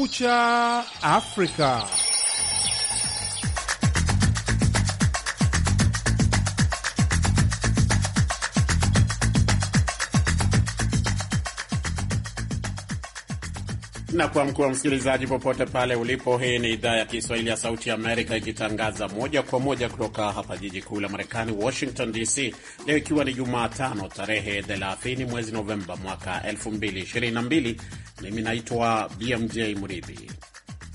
Kumekucha Africa. na kwa mkuu wa msikilizaji, popote pale ulipo, hii ni idhaa ya Kiswahili ya Sauti ya Amerika ikitangaza moja kwa moja kutoka hapa jiji kuu la Marekani, Washington DC. Leo ikiwa ni Jumatano tarehe 30 mwezi Novemba mwaka 2022. Mimi naitwa BMJ Mridhi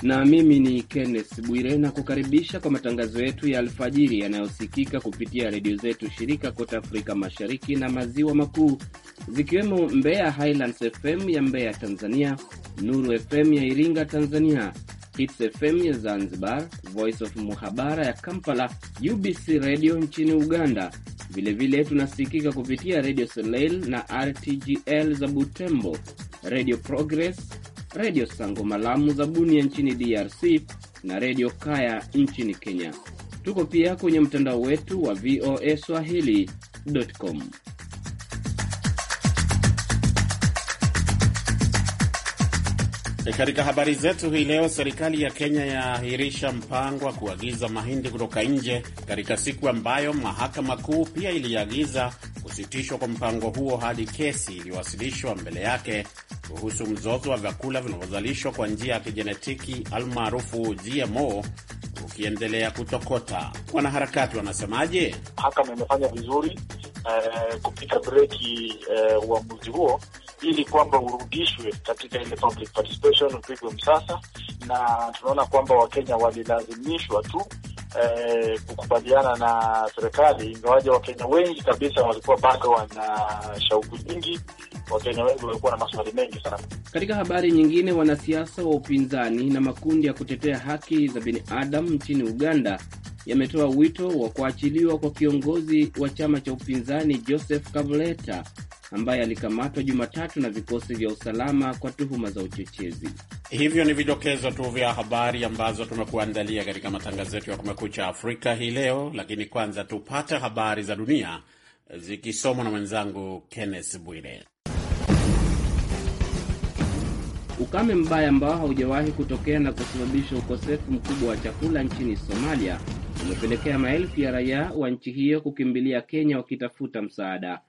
na mimi ni Kenneth Bwire na kukaribisha kwa matangazo yetu ya alfajiri yanayosikika kupitia redio zetu shirika kote Afrika Mashariki na Maziwa Makuu, zikiwemo Mbeya Highlands FM ya Mbeya Tanzania, Nuru FM ya Iringa Tanzania, Hits FM ya Zanzibar, Voice of Muhabara ya Kampala, UBC Radio nchini Uganda. Vilevile vile tunasikika kupitia redio Soleil na RTGL za Butembo, Radio Progress Redio Sango Malamu za Bunia nchini DRC na Redio Kaya nchini Kenya. Tuko pia kwenye mtandao wetu wa VOA Swahili.com. E, katika habari zetu hii leo, serikali ya Kenya yaahirisha mpango wa kuagiza mahindi kutoka nje katika siku ambayo mahakama kuu pia iliagiza kusitishwa kwa mpango huo hadi kesi iliyowasilishwa mbele yake kuhusu mzozo wa vyakula vinavyozalishwa kwa njia ya kijenetiki almaarufu GMO ukiendelea kutokota. Wanaharakati wanasemaje? Mahakama imefanya vizuri eh, kupita breki eh, uamuzi huo ili kwamba urudishwe katika ile public participation, upigwe msasa, na tunaona kwamba Wakenya walilazimishwa tu Eh, kukubaliana na serikali, ingawaja Wakenya wengi kabisa walikuwa bado wana shauku nyingi. Wakenya wengi walikuwa na maswali mengi sana. Katika habari nyingine, wanasiasa wa upinzani na makundi ya kutetea haki za binadamu nchini Uganda yametoa wito wa kuachiliwa kwa kiongozi wa chama cha upinzani Joseph Kabuleta ambaye alikamatwa Jumatatu na vikosi vya usalama kwa tuhuma za uchochezi. Hivyo ni vidokezo tu vya habari ambazo tumekuandalia katika matangazo yetu ya Kumekucha Afrika hii leo, lakini kwanza tupate habari za dunia zikisomwa na mwenzangu Kenneth Bwire. Ukame mbaya ambao haujawahi kutokea na kusababisha ukosefu mkubwa wa chakula nchini Somalia umepelekea maelfu ya raia wa nchi hiyo kukimbilia Kenya wakitafuta msaada.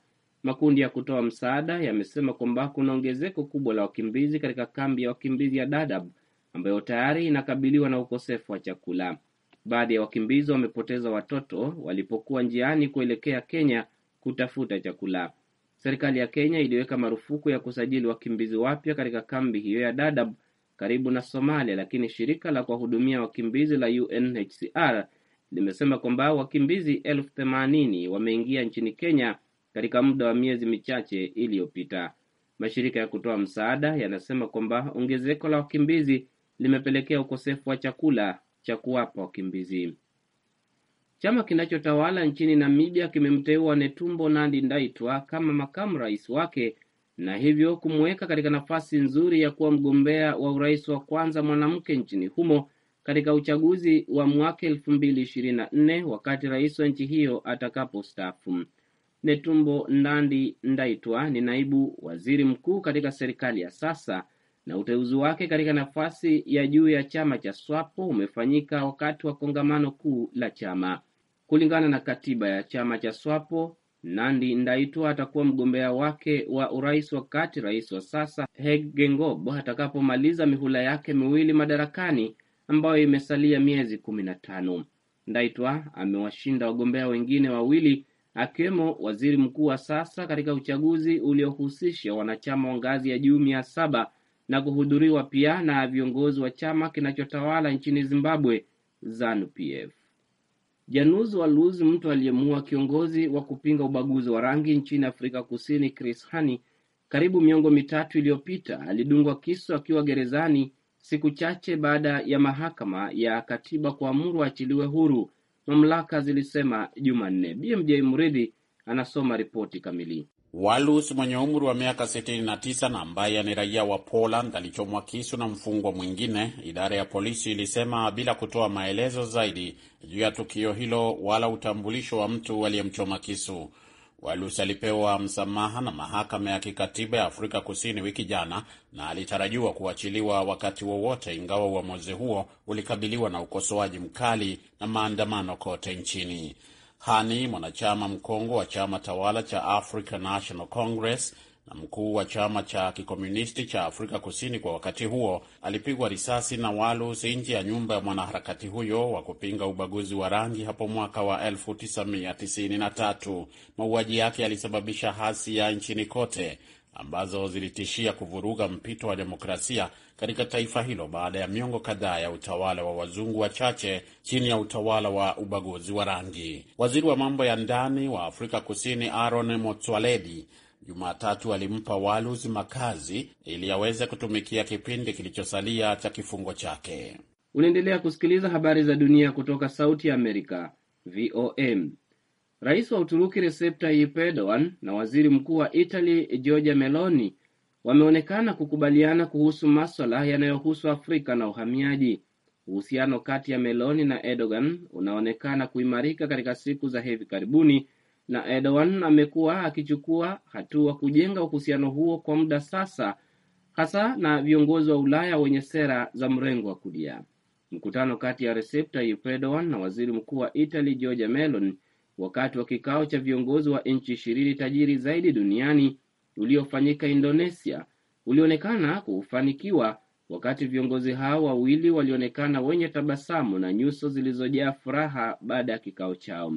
Makundi ya kutoa msaada yamesema kwamba kuna ongezeko kubwa la wakimbizi katika kambi ya wakimbizi ya Dadaab ambayo tayari inakabiliwa na ukosefu wa chakula. Baadhi ya wakimbizi wamepoteza watoto walipokuwa njiani kuelekea Kenya kutafuta chakula. Serikali ya Kenya iliweka marufuku ya kusajili wakimbizi wapya katika kambi hiyo ya Dadaab karibu na Somalia, lakini shirika la kuwahudumia wakimbizi la UNHCR limesema kwamba wakimbizi elfu themanini wameingia nchini Kenya katika muda wa miezi michache iliyopita. Mashirika ya kutoa msaada yanasema kwamba ongezeko la wakimbizi limepelekea ukosefu wa chakula cha kuwapa wakimbizi. Chama kinachotawala nchini Namibia kimemteua Netumbo Nandi Ndaitwa kama makamu rais wake na hivyo kumweka katika nafasi nzuri ya kuwa mgombea wa urais wa kwanza mwanamke nchini humo katika uchaguzi wa mwaka elfu mbili ishirini na nne wakati rais wa nchi hiyo atakapostaafu. Netumbo Nandi Ndaitwa ni naibu waziri mkuu katika serikali ya sasa na uteuzi wake katika nafasi ya juu ya chama cha SWAPO umefanyika wakati wa kongamano kuu la chama. Kulingana na katiba ya chama cha SWAPO, Nandi Ndaitwa atakuwa mgombea wake wa urais wakati rais wa sasa Hage Geingob atakapomaliza mihula yake miwili madarakani ambayo imesalia miezi kumi na tano. Ndaitwa amewashinda wagombea wengine wawili akiwemo waziri mkuu wa sasa katika uchaguzi uliohusisha wanachama wa ngazi ya juu mia saba na kuhudhuriwa pia na viongozi wa chama kinachotawala nchini Zimbabwe, ZANU-PF. Janus Walus, mtu aliyemuua kiongozi wa kupinga ubaguzi wa rangi nchini Afrika Kusini, Chris Hani, karibu miongo mitatu iliyopita, alidungwa kisu akiwa gerezani siku chache baada ya mahakama ya katiba kuamuru achiliwe huru mamlaka zilisema Jumanne. BMJ Mridhi anasoma ripoti kamili. Walus mwenye umri wa miaka 69 na ambaye ni raia wa Poland alichomwa kisu na mfungwa mwingine, idara ya polisi ilisema, bila kutoa maelezo zaidi juu ya tukio hilo wala utambulisho wa mtu aliyemchoma kisu. Walusi alipewa msamaha na mahakama ya kikatiba ya Afrika Kusini wiki jana na alitarajiwa kuachiliwa wakati wowote wa ingawa uamuzi huo ulikabiliwa na ukosoaji mkali na maandamano kote nchini. Hani, mwanachama mkongwe wa chama tawala cha African National Congress, na mkuu wa chama cha kikomunisti cha Afrika Kusini kwa wakati huo alipigwa risasi na walus nje ya nyumba ya mwanaharakati huyo wa kupinga ubaguzi wa rangi hapo mwaka wa 1993. Mauaji yake yalisababisha hasia nchini kote ambazo zilitishia kuvuruga mpito wa demokrasia katika taifa hilo baada ya miongo kadhaa ya utawala wa wazungu wachache chini ya utawala wa ubaguzi wa rangi. Waziri wa mambo ya ndani wa Afrika Kusini Aaron Motsoaledi Jumatatu alimpa Walus makazi ili aweze kutumikia kipindi kilichosalia cha kifungo chake. Unaendelea kusikiliza habari za dunia kutoka Sauti ya Amerika, VOM. Rais wa Uturuki Recep Tayyip Erdogan na waziri mkuu wa Italy Giorgia Meloni wameonekana kukubaliana kuhusu maswala yanayohusu Afrika na uhamiaji. Uhusiano kati ya Meloni na Erdogan unaonekana kuimarika katika siku za hivi karibuni na Erdogan amekuwa akichukua hatua kujenga uhusiano huo kwa muda sasa, hasa na viongozi wa Ulaya wenye sera za mrengo wa kulia. Mkutano kati ya Recep Tayyip Erdogan na waziri mkuu wa Italy Giorgia Meloni wakati wa kikao cha viongozi wa nchi ishirini tajiri zaidi duniani uliofanyika Indonesia ulionekana kufanikiwa, wakati viongozi hao wawili walionekana wenye tabasamu na nyuso zilizojaa furaha baada ya kikao chao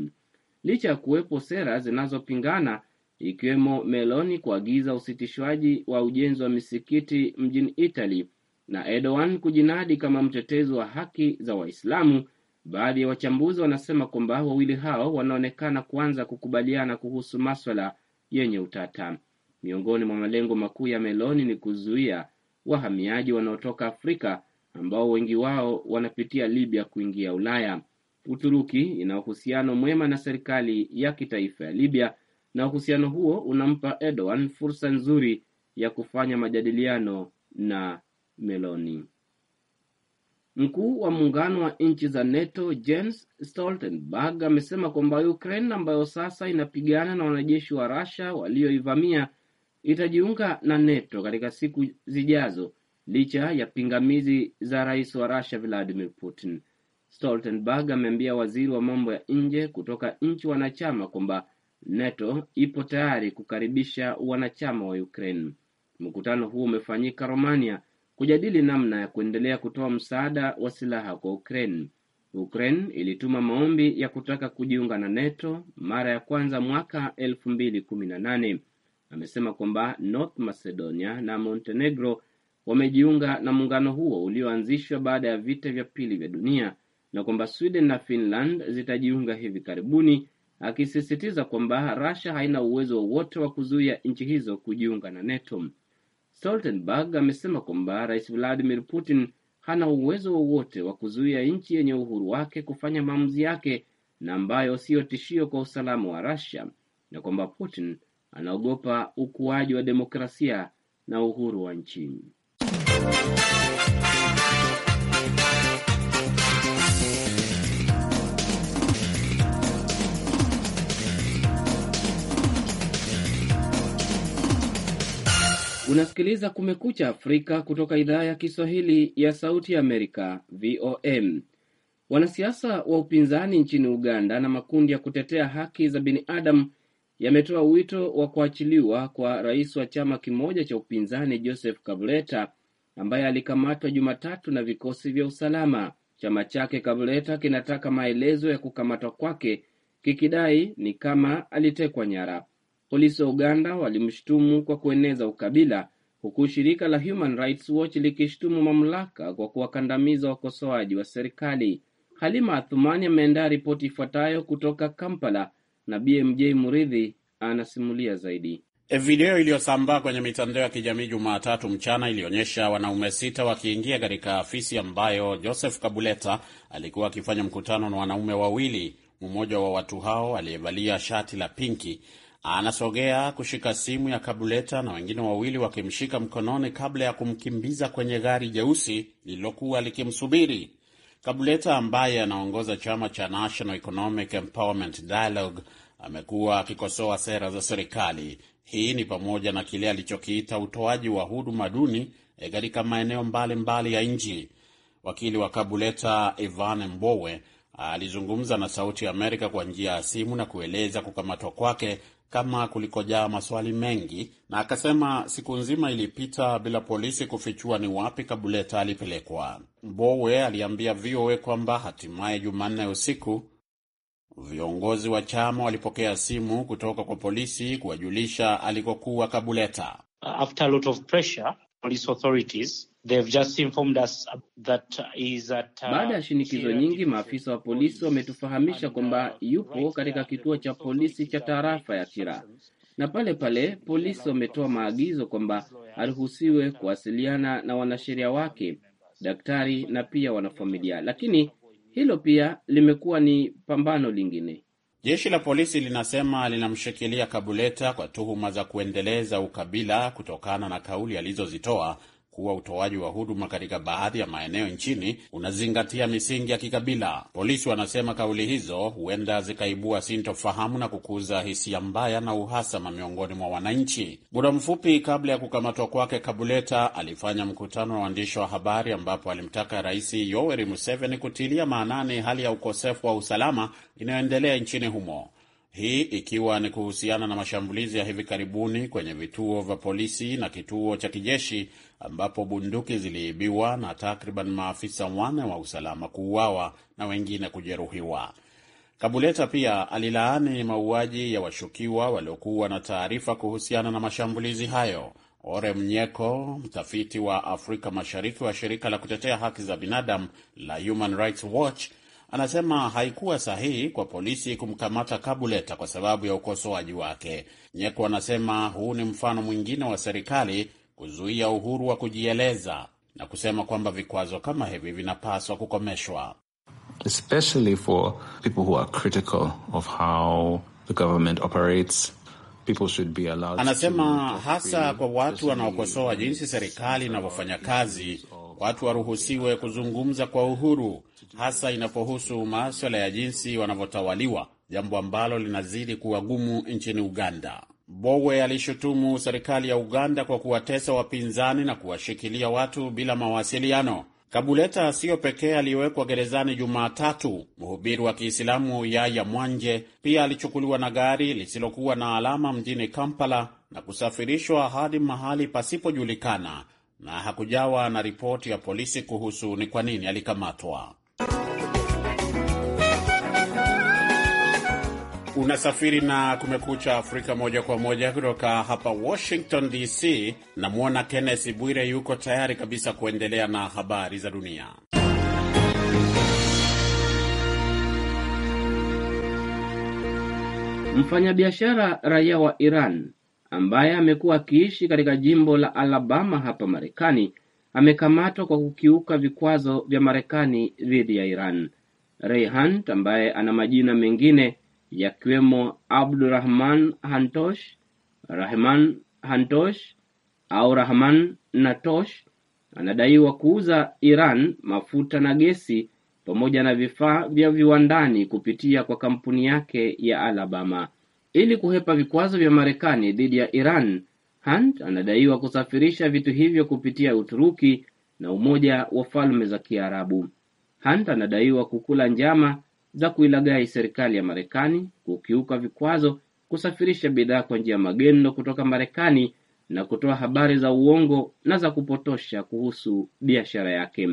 licha ya kuwepo sera zinazopingana ikiwemo Meloni kuagiza usitishwaji wa ujenzi wa misikiti mjini Italy na Erdogan kujinadi kama mtetezi wa haki za Waislamu. Baadhi ya wachambuzi wanasema kwamba wawili hao wanaonekana kuanza kukubaliana kuhusu maswala yenye utata. Miongoni mwa malengo makuu ya Meloni ni kuzuia wahamiaji wanaotoka Afrika ambao wengi wao wanapitia Libya kuingia Ulaya. Uturuki ina uhusiano mwema na serikali ya kitaifa ya Libya na uhusiano huo unampa Erdogan fursa nzuri ya kufanya majadiliano na Meloni. Mkuu wa muungano wa nchi za NATO Jens Stoltenberg amesema kwamba Ukraine ambayo sasa inapigana na wanajeshi wa Russia walioivamia itajiunga na NATO katika siku zijazo licha ya pingamizi za rais wa Russia Vladimir Putin. Stoltenberg ameambia waziri wa mambo ya nje kutoka nchi wanachama kwamba NATO ipo tayari kukaribisha wanachama wa Ukraine. Mkutano huo umefanyika Romania kujadili namna ya kuendelea kutoa msaada wa silaha kwa Ukraine. Ukraine ilituma maombi ya kutaka kujiunga na NATO mara ya kwanza mwaka elfu mbili kumi na nane. Amesema kwamba North Macedonia na Montenegro wamejiunga na muungano huo ulioanzishwa baada ya vita vya pili vya dunia na kwamba Sweden na Finland zitajiunga hivi karibuni, akisisitiza kwamba Russia haina uwezo wowote wa kuzuia nchi hizo kujiunga na NATO. Stoltenberg amesema kwamba Rais Vladimir Putin hana uwezo wowote wa kuzuia nchi yenye uhuru wake kufanya maamuzi yake na ambayo siyo tishio kwa usalama wa Russia na kwamba Putin anaogopa ukuaji wa demokrasia na uhuru wa nchini. Unasikiliza Kumekucha Afrika kutoka idhaa ya Kiswahili ya Sauti Amerika, VOM. Wanasiasa wa upinzani nchini Uganda na makundi ya kutetea haki za binadamu yametoa wito wa kuachiliwa kwa rais wa chama kimoja cha upinzani Joseph Kabuleta ambaye alikamatwa Jumatatu na vikosi vya usalama. Chama chake Kabuleta kinataka maelezo ya kukamatwa kwake, kikidai ni kama alitekwa nyara. Polisi wa Uganda walimshutumu kwa kueneza ukabila, huku shirika la Human Rights Watch likishutumu mamlaka kwa kuwakandamiza wakosoaji wa serikali. Halima Athumani ameendaa ripoti ifuatayo kutoka Kampala na BMJ Muridhi anasimulia zaidi. E, video iliyosambaa kwenye mitandao ya kijamii Jumatatu mchana ilionyesha wanaume sita wakiingia katika afisi ambayo Joseph Kabuleta alikuwa akifanya mkutano na wanaume wawili. Mmoja wa watu hao aliyevalia shati la pinki Anasogea kushika simu ya Kabuleta na wengine wawili wakimshika mkononi kabla ya kumkimbiza kwenye gari jeusi lililokuwa likimsubiri. Kabuleta ambaye anaongoza chama cha National Economic Empowerment Dialogue amekuwa akikosoa sera za serikali. Hii ni pamoja na kile alichokiita utoaji wa huduma duni e, katika maeneo mbalimbali mbali ya nchi. Wakili wa Kabuleta Ivan Mbowe alizungumza na Sauti ya Amerika kwa njia ya simu na kueleza kukamatwa kwake kama kulikojaa maswali mengi, na akasema siku nzima ilipita bila polisi kufichua ni wapi Kabuleta alipelekwa. Mbowe aliambia VOA kwamba hatimaye Jumanne usiku viongozi wa chama walipokea simu kutoka kwa polisi kuwajulisha alikokuwa Kabuleta. After a lot of pressure, police authorities Uh, uh, Baada ya shinikizo nyingi, maafisa wa polisi wametufahamisha kwamba uh, yupo katika kituo cha polisi cha tarafa ya Kira, na pale pale polisi wametoa maagizo kwamba aruhusiwe kuwasiliana na wanasheria wake, daktari na pia wanafamilia, lakini hilo pia limekuwa ni pambano lingine. Jeshi la polisi linasema linamshikilia Kabuleta kwa tuhuma za kuendeleza ukabila kutokana na kauli alizozitoa kuwa utoaji wa huduma katika baadhi ya maeneo nchini unazingatia misingi ya kikabila. Polisi wanasema kauli hizo huenda zikaibua sintofahamu na kukuza hisia mbaya na uhasama miongoni mwa wananchi. Muda mfupi kabla ya kukamatwa kwake, Kabuleta alifanya mkutano wa waandishi wa habari ambapo alimtaka Rais Yoweri Museveni kutilia maanani hali ya ukosefu wa usalama inayoendelea nchini humo, hii ikiwa ni kuhusiana na mashambulizi ya hivi karibuni kwenye vituo vya polisi na kituo cha kijeshi ambapo bunduki ziliibiwa na takriban maafisa wane wa usalama kuuawa na wengine kujeruhiwa. Kabuleta pia alilaani mauaji ya washukiwa waliokuwa na taarifa kuhusiana na mashambulizi hayo. Ore Mnyeko, mtafiti wa Afrika Mashariki wa shirika la kutetea haki za binadamu la Human Rights Watch, anasema haikuwa sahihi kwa polisi kumkamata Kabuleta kwa sababu ya ukosoaji wake. Nyeko anasema huu ni mfano mwingine wa serikali kuzuia uhuru wa kujieleza na kusema kwamba vikwazo kama hivi vinapaswa kukomeshwa. Especially for people who are critical of how the government operates. People should be allowed. Anasema hasa kwa watu wanaokosoa jinsi serikali inavyofanya kazi, watu waruhusiwe kuzungumza kwa uhuru, hasa inapohusu maswala ya jinsi wanavyotawaliwa, jambo ambalo linazidi kuwa gumu nchini Uganda bowe alishutumu serikali ya Uganda kwa kuwatesa wapinzani na kuwashikilia watu bila mawasiliano. Kabuleta siyo pekee aliyewekwa gerezani Jumatatu. Mhubiri wa Kiislamu yaya Mwanje pia alichukuliwa na gari lisilokuwa na alama mjini Kampala na kusafirishwa hadi mahali pasipojulikana, na hakujawa na ripoti ya polisi kuhusu ni kwa nini alikamatwa. Unasafiri na Kumekucha Afrika moja kwa moja kutoka hapa Washington DC. Namwona Kenneth Bwire yuko tayari kabisa kuendelea na habari za dunia. Mfanyabiashara raia wa Iran ambaye amekuwa akiishi katika jimbo la Alabama hapa Marekani amekamatwa kwa kukiuka vikwazo vya Marekani dhidi ya Iran. Reyhan ambaye ana majina mengine yakiwemo Abdurrahman Hantosh, Rahman Hantosh au Rahman Natosh anadaiwa kuuza Iran mafuta na gesi pamoja na vifaa vya viwandani kupitia kwa kampuni yake ya Alabama. Ili kuhepa vikwazo vya Marekani dhidi ya Iran, Hunt anadaiwa kusafirisha vitu hivyo kupitia Uturuki na Umoja wa Falme za Kiarabu. Hunt anadaiwa kukula njama za kuilagai serikali ya Marekani, kukiuka vikwazo, kusafirisha bidhaa kwa njia ya magendo kutoka Marekani na kutoa habari za uongo na za kupotosha kuhusu biashara yake.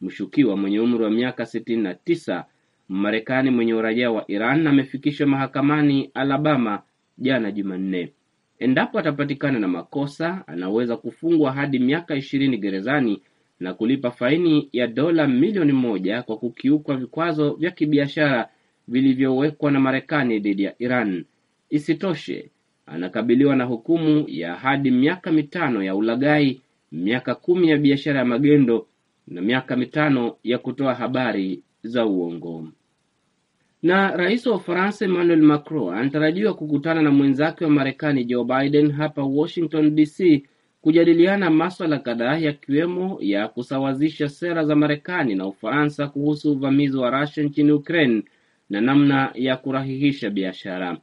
Mshukiwa mwenye umri wa miaka sitini na tisa Marekani mwenye uraia wa Iran amefikishwa mahakamani Alabama jana Jumanne. Endapo atapatikana na makosa, anaweza kufungwa hadi miaka ishirini gerezani na kulipa faini ya dola milioni moja kwa kukiukwa vikwazo vya kibiashara vilivyowekwa na Marekani dhidi ya Iran. Isitoshe, anakabiliwa na hukumu ya hadi miaka mitano ya ulaghai, miaka kumi ya biashara ya magendo na miaka mitano ya kutoa habari za uongo. Na rais wa Ufaransa Emmanuel Macron anatarajiwa kukutana na mwenzake wa Marekani Joe Biden hapa Washington DC kujadiliana maswala kadhaa yakiwemo ya kusawazisha sera za Marekani na Ufaransa kuhusu uvamizi wa Russia nchini Ukraine na namna ya kurahihisha biashara.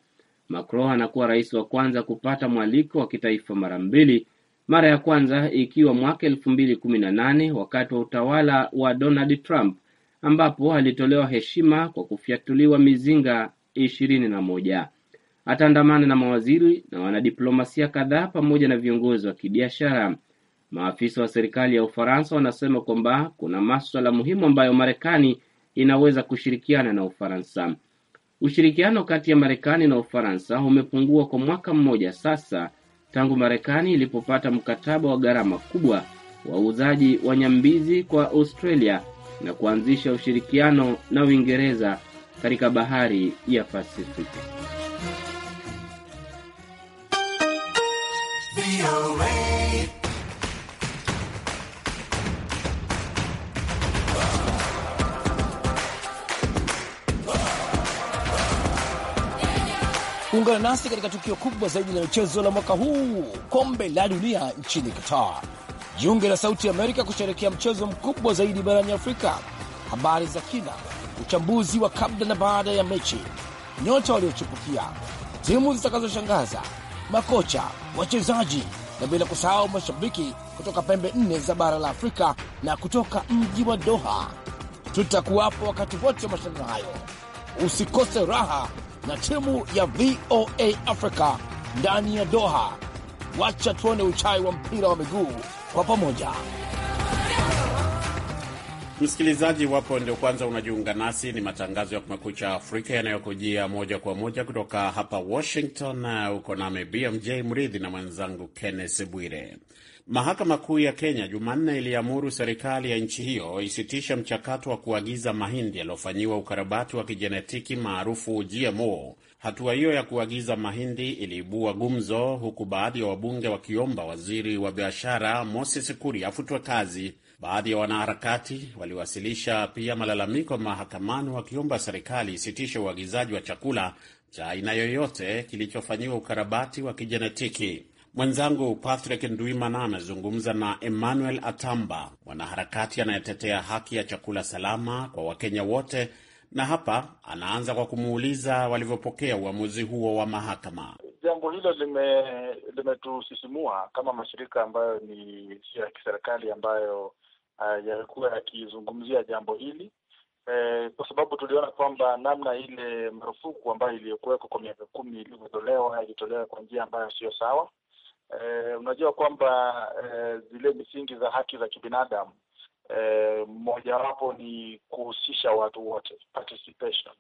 Macron anakuwa rais wa kwanza kupata mwaliko wa kitaifa mara mbili, mara ya kwanza ikiwa mwaka elfu mbili kumi na nane wakati wa utawala wa Donald Trump ambapo alitolewa heshima kwa kufyatuliwa mizinga ishirini na moja ataandamana na mawaziri na wanadiplomasia kadhaa pamoja na viongozi wa kibiashara. Maafisa wa serikali ya Ufaransa wanasema kwamba kuna maswala muhimu ambayo Marekani inaweza kushirikiana na Ufaransa. Ushirikiano kati ya Marekani na Ufaransa umepungua kwa mwaka mmoja sasa tangu Marekani ilipopata mkataba wa gharama kubwa wa uuzaji wa nyambizi kwa Australia na kuanzisha ushirikiano na Uingereza katika bahari ya Pasifiki. Ungana nasi katika tukio kubwa zaidi la michezo la mwaka huu, kombe la dunia nchini Qatar. Jiunge la Sauti Amerika kusherekea mchezo mkubwa zaidi barani Afrika. Habari za kina, uchambuzi wa kabla na baada ya mechi, nyota waliochipukia, timu zitakazoshangaza makocha, wachezaji na bila kusahau mashabiki kutoka pembe nne za bara la Afrika na kutoka mji wa Doha. Tutakuwapo wakati wote wa mashindano hayo, usikose raha na timu ya VOA Africa ndani ya Doha. Wacha tuone uchai wa mpira wa miguu kwa pamoja. Msikilizaji, wapo ndio kwanza unajiunga nasi, ni matangazo ya Kumekucha Afrika yanayokujia moja kwa moja kutoka hapa Washington. Uko nami BMJ Mridhi na mwenzangu Kenneth Bwire. Mahakama Kuu ya Kenya Jumanne iliamuru serikali ya nchi hiyo isitishe mchakato wa kuagiza mahindi yaliyofanyiwa ukarabati wa kijenetiki maarufu GMO. Hatua hiyo ya kuagiza mahindi iliibua gumzo, huku baadhi ya wabunge wakiomba waziri wa biashara Moses kuri afutwe kazi Baadhi ya wanaharakati waliwasilisha pia malalamiko mahakamani wakiomba serikali isitishe uagizaji wa chakula cha aina yoyote kilichofanyiwa ukarabati wa kijenetiki. Mwenzangu Patrick Ndwimana amezungumza na Emmanuel Atamba, mwanaharakati anayetetea haki ya chakula salama kwa Wakenya wote, na hapa anaanza kwa kumuuliza walivyopokea uamuzi huo wa mahakama. Jambo hilo limetusisimua lime kama mashirika ambayo ni ya kiserikali ambayo Ah, yalikuwa yakizungumzia jambo hili e, kwa sababu tuliona kwamba namna ile marufuku ambayo iliyokuwekwa kwa miaka kumi ilivyotolewa ilitolewa kwa njia ambayo sio sawa. E, unajua kwamba e, zile misingi za haki za kibinadamu mmojawapo ni kuhusisha watu wote participation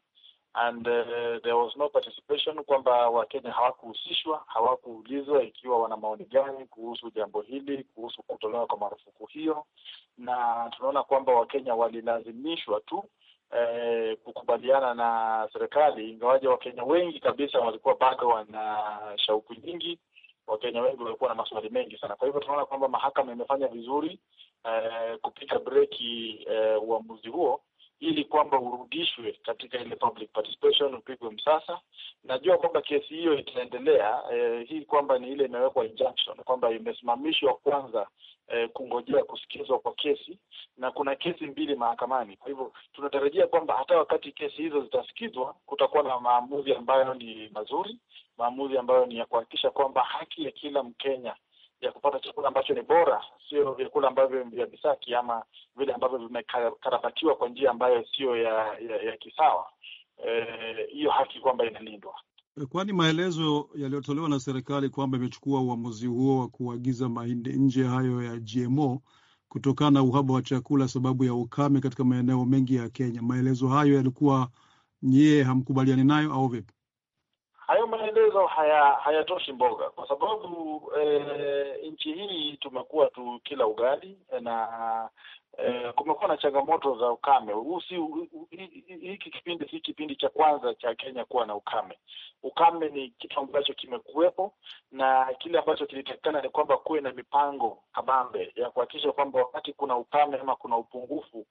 and uh, there was no participation, kwamba Wakenya hawakuhusishwa, hawakuulizwa ikiwa wana maoni gani kuhusu jambo hili, kuhusu kutolewa kwa marufuku hiyo, na tunaona kwamba Wakenya walilazimishwa tu eh, kukubaliana na serikali, ingawaje Wakenya wengi kabisa walikuwa bado wana shauku nyingi. Wakenya wengi walikuwa na maswali mengi sana. Kwa hivyo tunaona kwamba mahakama imefanya vizuri eh, kupiga breki eh, uamuzi huo ili kwamba urudishwe katika ile public participation, upigwe msasa. Najua kwamba kesi hiyo itaendelea. Eh, hii kwamba ni ile imewekwa injunction kwamba imesimamishwa kwanza, eh, kungojea kusikizwa kwa kesi, na kuna kesi mbili mahakamani. Kwa hivyo tunatarajia kwamba hata wakati kesi hizo zitasikizwa, kutakuwa na maamuzi ambayo ni mazuri, maamuzi ambayo ni ya kuhakikisha kwamba haki ya kila Mkenya ya kupata chakula ambacho ni bora, sio vyakula ambavyo vya visaki ama vile ambavyo vimekarabatiwa kwa njia ambayo siyo ya, ya, ya kisawa. Eh, hiyo e, haki kwamba inalindwa, kwani maelezo yaliyotolewa na serikali kwamba imechukua uamuzi huo wa kuagiza mahindi nje hayo ya GMO kutokana na uhaba wa chakula sababu ya ukame katika maeneo mengi ya Kenya. Maelezo hayo yalikuwa nyie hamkubaliani nayo au vipi? Hayo maelezo hayo hayatoshi haya mboga, kwa sababu e, nchi hii tumekuwa tu kila ugali eh, na e, kumekuwa na changamoto za ukame. Hiki kipindi si kipindi cha kwanza cha Kenya kuwa na ukame. Ukame ni kitu ambacho kimekuwepo, na kile ambacho kilitakikana ni kwamba kuwe na mipango kabambe ya kuhakikisha kwamba wakati kuna ukame ama kuna upungufu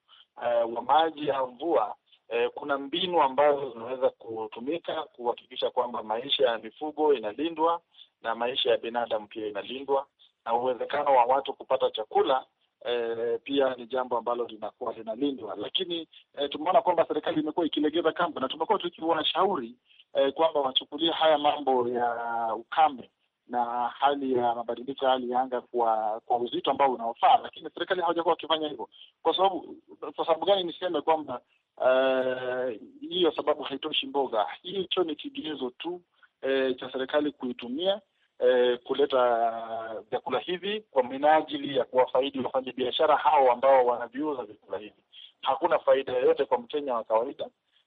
e, wa maji au mvua eh, kuna mbinu ambazo zinaweza kutumika kuhakikisha kwamba maisha ya mifugo inalindwa na maisha ya binadamu pia inalindwa, na uwezekano wa watu kupata chakula eh, pia ni jambo ambalo linakuwa linalindwa. Lakini eh, tumeona kwamba serikali imekuwa ikilegeza kambo na tumekuwa tukiwashauri eh, kwamba wachukulie haya mambo ya ukame na hali ya mabadiliko ya hali ya anga kwa kwa uzito ambao unaofaa, lakini serikali hawajakuwa wakifanya hivyo. Kwa sababu kwa sababu gani niseme kwamba Eh, hiyo uh, sababu haitoshi mboga. Hicho ni kigezo tu eh, cha serikali kuitumia eh, kuleta vyakula hivi kwa minajili ya kuwafaidi wafanya biashara hao ambao wanaviuza vyakula hivi. Hakuna faida yoyote kwa mkenya wa kawaida.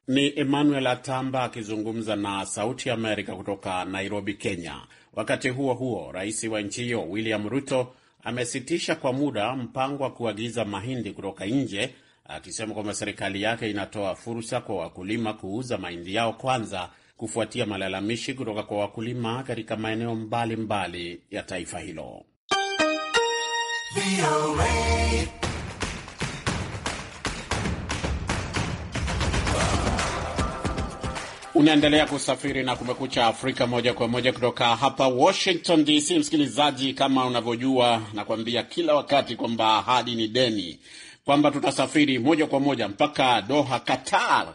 Ni Emmanuel Atamba akizungumza na Sauti ya Amerika kutoka Nairobi, Kenya. Wakati huo huo, rais wa nchi hiyo William Ruto amesitisha kwa muda mpango wa kuagiza mahindi kutoka nje akisema kwamba serikali yake inatoa fursa kwa wakulima kuuza mahindi yao kwanza kufuatia malalamishi kutoka kwa wakulima katika maeneo mbalimbali mbali ya taifa hilo. Unaendelea kusafiri na Kumekucha Afrika moja kwa moja kutoka hapa Washington DC. Msikilizaji, kama unavyojua, nakwambia kila wakati kwamba ahadi ni deni, kwamba tutasafiri moja kwa moja mpaka Doha, Qatar,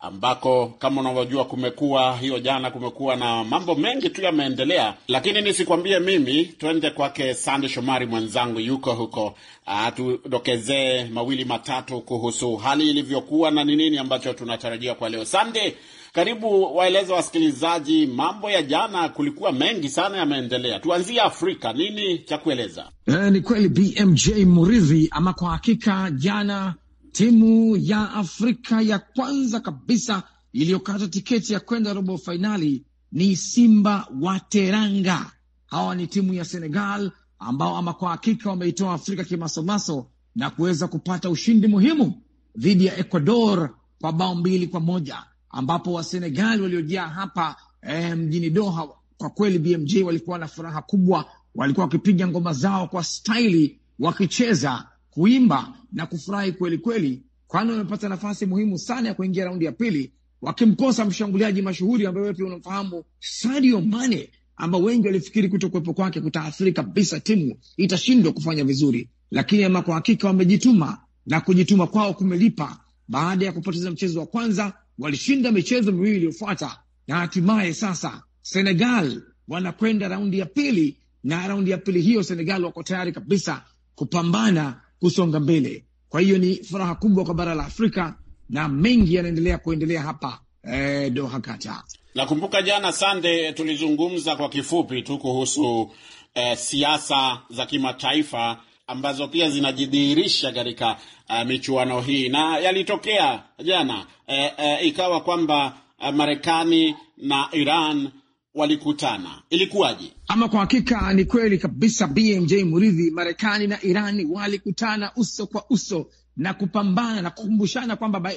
ambako kama unavyojua kumekuwa hiyo jana, kumekuwa na mambo mengi tu yameendelea, lakini nisikwambie mimi, twende kwake Sande Shomari mwenzangu, yuko huko, atudokezee mawili matatu kuhusu hali ilivyokuwa na ni nini ambacho tunatarajia kwa leo. Sande, karibu waeleze wasikilizaji, mambo ya jana, kulikuwa mengi sana yameendelea. Tuanzie Afrika, nini cha kueleza? Uh, ni kweli BMJ Muridhi, ama kwa hakika jana timu ya Afrika ya kwanza kabisa iliyokata tiketi ya kwenda robo fainali ni Simba wa Teranga. Hawa ni timu ya Senegal ambao ama kwa hakika wameitoa Afrika kimasomaso na kuweza kupata ushindi muhimu dhidi ya Ecuador kwa bao mbili kwa moja ambapo Wasenegali waliojaa hapa eh, mjini Doha kwa kweli BMJ walikuwa na furaha kubwa, walikuwa wakipiga ngoma zao kwa staili, wakicheza, kuimba na kufurahi kweli kweli, kwani wamepata nafasi muhimu sana ya kuingia raundi ya pili wakimkosa mshambuliaji mashuhuri ambaye wewe pia unamfahamu Sadio Mane, ambao wengi walifikiri kuwepo kwake kutaathiri kabisa timu itashindwa kufanya vizuri, lakini ama kwa hakika wamejituma na kujituma kwao kumelipa baada ya kupoteza mchezo wa kwanza walishinda michezo miwili iliyofuata, na hatimaye sasa Senegal wanakwenda raundi ya pili, na raundi ya pili hiyo Senegal wako tayari kabisa kupambana kusonga mbele. Kwa hiyo ni furaha kubwa kwa bara la Afrika na mengi yanaendelea kuendelea hapa eh, Doha Kata. Nakumbuka jana Sande tulizungumza kwa kifupi tu kuhusu eh, siasa za kimataifa ambazo pia zinajidhihirisha katika uh, michuano hii na yalitokea jana e, e, ikawa kwamba uh, Marekani na Iran walikutana. Ilikuwaje? Ama kwa hakika ni kweli kabisa, BMJ Muridhi, Marekani na Iran walikutana uso kwa uso na kupambana na kukumbushana kwamba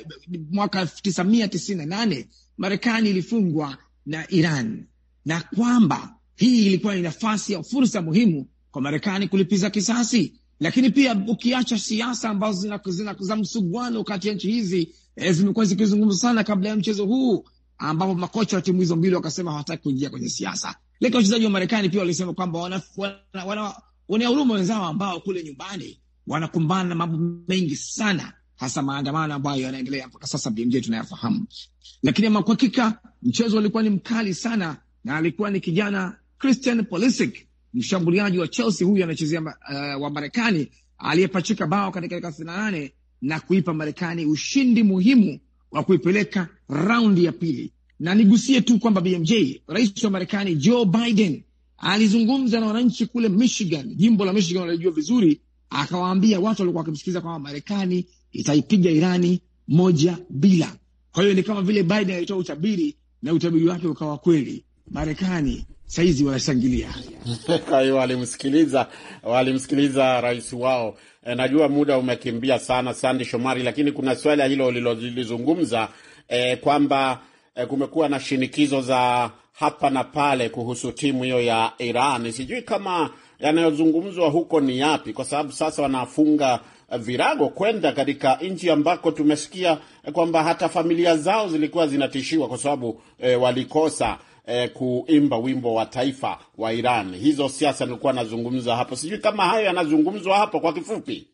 mwaka nane Marekani ilifungwa na Iran na kwamba hii ilikuwa ni nafasi ya fursa muhimu kwa Marekani kulipiza kisasi. Lakini pia ukiacha siasa ambazo za msuguano kati ya nchi hizi e, zimekuwa zikizungumza sana kabla ya mchezo huu, ambapo makocha wa timu hizo mbili wakasema hawataki kuingia kwenye siasa. Lakini wachezaji wa Marekani pia walisema kwamba wana wana huruma wenzao ambao kule nyumbani wanakumbana na mambo mengi sana, hasa maandamano ambayo yanaendelea mpaka sasa, BMJ tunayafahamu. Lakini kwa hakika mchezo ulikuwa ni mkali sana, na alikuwa ni kijana Christian Pulisic mshambuliaji wa Chelsea huyu anachezea uh, wa Marekani aliyepachika bao katika dakika thelathini na nane na kuipa Marekani ushindi muhimu wa kuipeleka raundi ya pili. Na nigusie tu kwamba BMJ, rais wa Marekani Joe Biden alizungumza na wananchi kule Michigan, jimbo la Michigan walijua vizuri, akawaambia watu waliokuwa wakimsikiliza kwamba Marekani itaipiga Irani moja bila. Kwa hiyo ni kama vile Biden alitoa utabiri na utabiri wake ukawa kweli. Marekani saizi wanashangilia. Kwa hiyo walimsikiliza, walimsikiliza rais wao. E, najua muda umekimbia sana, Sandi Shomari, lakini kuna swala hilo lilolizungumza e, kwamba e, kumekuwa na shinikizo za hapa na pale kuhusu timu hiyo ya Iran. Sijui kama yanayozungumzwa huko ni yapi, kwa sababu sasa wanafunga virago kwenda katika nchi ambako tumesikia kwamba hata familia zao zilikuwa zinatishiwa kwa sababu e, walikosa eh, kuimba wimbo wa taifa wa Iran. Hizo siasa nilikuwa nazungumza hapo, sijui kama hayo yanazungumzwa hapo. Kwa kifupi,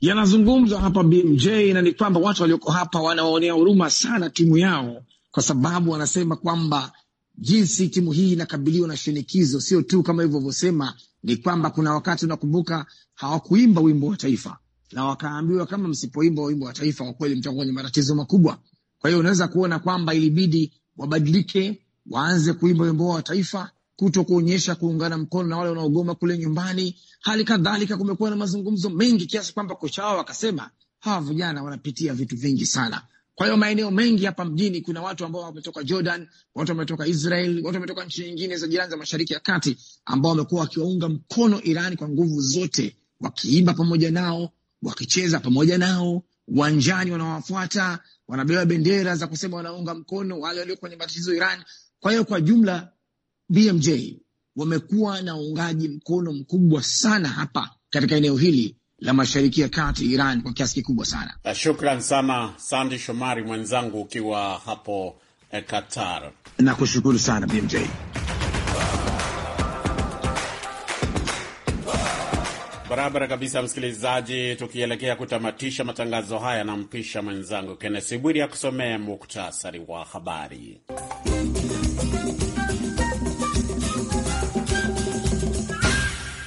yanazungumzwa hapa BMJ, na ni kwamba watu walioko hapa wanaonea huruma sana timu yao, kwa sababu wanasema kwamba jinsi timu hii inakabiliwa na shinikizo, sio tu kama ilivyosema, ni kwamba kuna wakati unakumbuka hawakuimba wimbo wa taifa na wakaambiwa kama msipoimba wimbo wa taifa, kwa kweli mtakuwa kwenye matatizo makubwa. Kwa hiyo unaweza kuona kwamba ilibidi wabadilike, waanze kuimba wimbo wa taifa, kuto kuonyesha kuungana mkono na wale wanaogoma kule nyumbani. Hali kadhalika kumekuwa na mazungumzo mengi kiasi kwamba kocha wao akasema hawa vijana wanapitia vitu vingi sana. Kwa hiyo maeneo mengi hapa mjini kuna watu ambao wametoka Jordan, watu wametoka Israel, watu wametoka nchi nyingine za jirani za Mashariki ya Kati, ambao wamekuwa wakiwaunga mkono Iran kwa nguvu zote, wakiimba pamoja nao, wakicheza pamoja nao uwanjani, wanawafuata, wanabeba bendera za kusema wanaunga mkono wale walio kwenye matatizo Iran. Kwa hiyo kwa jumla, BMJ wamekuwa na uungaji mkono mkubwa sana hapa katika eneo hili la mashariki ya kati Iran kwa kiasi kikubwa sana. Eh, shukran sana Sandi Shomari mwenzangu, ukiwa hapo eh, Qatar. Nakushukuru sana BMJ. Barabara kabisa, msikilizaji. Tukielekea kutamatisha matangazo haya, nampisha mwenzangu Kenesi Bwiri akusomea muktasari wa habari.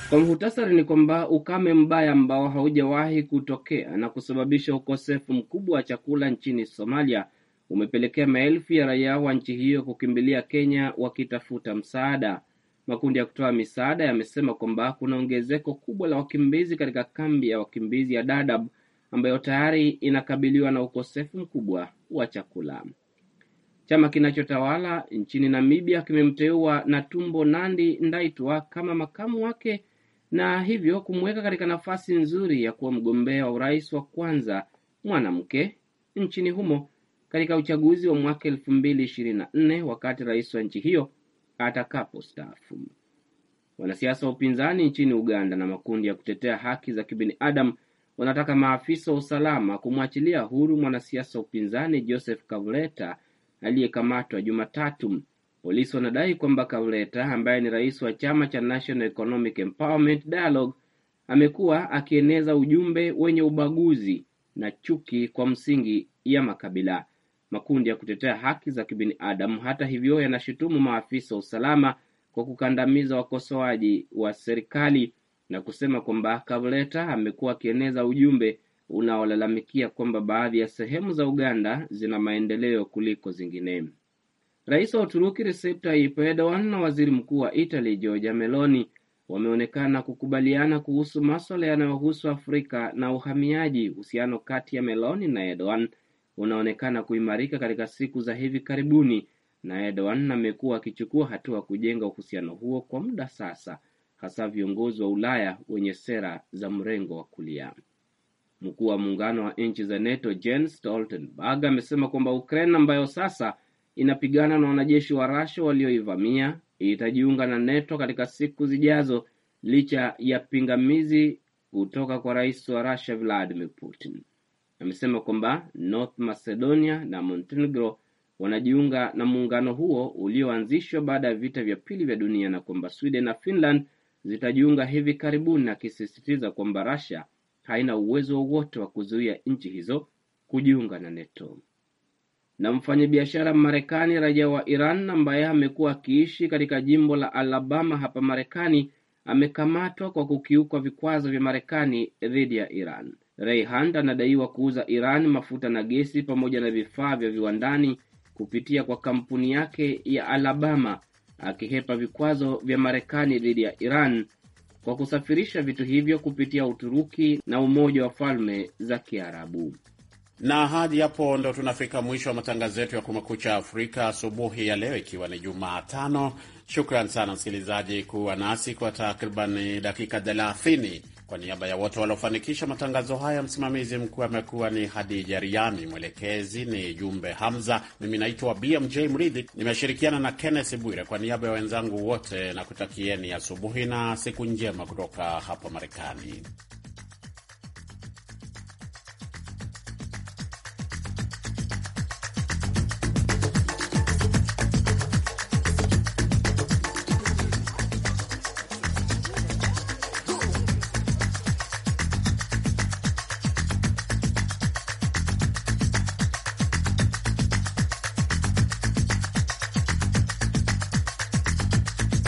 Kwa muhtasari ni kwamba ukame mbaya ambao haujawahi kutokea na kusababisha ukosefu mkubwa wa chakula nchini Somalia umepelekea maelfu ya raia wa nchi hiyo kukimbilia Kenya wakitafuta msaada. Makundi ya kutoa misaada yamesema kwamba kuna ongezeko kubwa la wakimbizi katika kambi ya wakimbizi ya Dadaab ambayo tayari inakabiliwa na ukosefu mkubwa wa chakula. Chama kinachotawala nchini Namibia kimemteua Natumbo Nandi Ndaitwa kama makamu wake na hivyo kumweka katika nafasi nzuri ya kuwa mgombea wa urais wa kwanza mwanamke nchini humo katika uchaguzi wa mwaka elfu mbili ishirini na nne wakati rais wa nchi hiyo atakapo stafu Wanasiasa wa upinzani nchini Uganda na makundi ya kutetea haki za kibinadamu wanataka maafisa wa usalama kumwachilia huru mwanasiasa wa upinzani Joseph Kavuleta aliyekamatwa Jumatatu. Polisi wanadai kwamba Kauleta ambaye ni rais wa chama cha National Economic Empowerment Dialogue amekuwa akieneza ujumbe wenye ubaguzi na chuki kwa msingi ya makabila. Makundi ya kutetea haki za kibinadamu, hata hivyo, yanashutumu maafisa wa usalama kwa kukandamiza wakosoaji wa serikali na kusema kwamba Kauleta amekuwa akieneza ujumbe unaolalamikia kwamba baadhi ya sehemu za Uganda zina maendeleo kuliko zingine. Rais wa Uturuki Recep Tayyip Erdogan na waziri mkuu wa Italy Giorgia Meloni wameonekana kukubaliana kuhusu maswala yanayohusu Afrika na uhamiaji. Uhusiano kati ya Meloni na Erdogan unaonekana kuimarika katika siku za hivi karibuni, na Erdogan amekuwa akichukua hatua kujenga uhusiano huo kwa muda sasa, hasa viongozi wa Ulaya wenye sera za mrengo wa kulia. Mkuu wa muungano wa nchi za NATO Jens Stoltenberg amesema kwamba Ukraine ambayo sasa inapigana na wanajeshi wa Rasha walioivamia itajiunga na NATO katika siku zijazo licha ya pingamizi kutoka kwa rais wa Russia Vladimir Putin. Amesema kwamba North Macedonia na Montenegro wanajiunga na muungano huo ulioanzishwa baada ya vita vya pili vya dunia na kwamba Sweden na Finland zitajiunga hivi karibuni, akisisitiza kwamba Russia haina uwezo wowote wa kuzuia nchi hizo kujiunga na NATO. Na mfanyabiashara Marekani raia wa Iran ambaye amekuwa akiishi katika jimbo la Alabama hapa Marekani amekamatwa kwa kukiuka vikwazo vya Marekani dhidi ya Iran. Hunt anadaiwa kuuza Iran mafuta na gesi pamoja na vifaa vya viwandani kupitia kwa kampuni yake ya Alabama akihepa vikwazo vya Marekani dhidi ya Iran kwa kusafirisha vitu hivyo kupitia Uturuki na Umoja wa Falme za Kiarabu. Na hadi hapo ndo tunafika mwisho wa matangazo yetu ya Kumekucha Afrika asubuhi ya leo, ikiwa ni Jumatano. Shukran sana msikilizaji kuwa nasi kwa takriban dakika thelathini. Kwa niaba ya wote waliofanikisha matangazo haya, msimamizi mkuu amekuwa ni Hadija Riami, mwelekezi ni Jumbe Hamza, mimi naitwa BMJ Mridhi, nimeshirikiana na Kenneth Bwire. Kwa niaba ya wenzangu wote, na kutakieni asubuhi na siku njema kutoka hapa Marekani.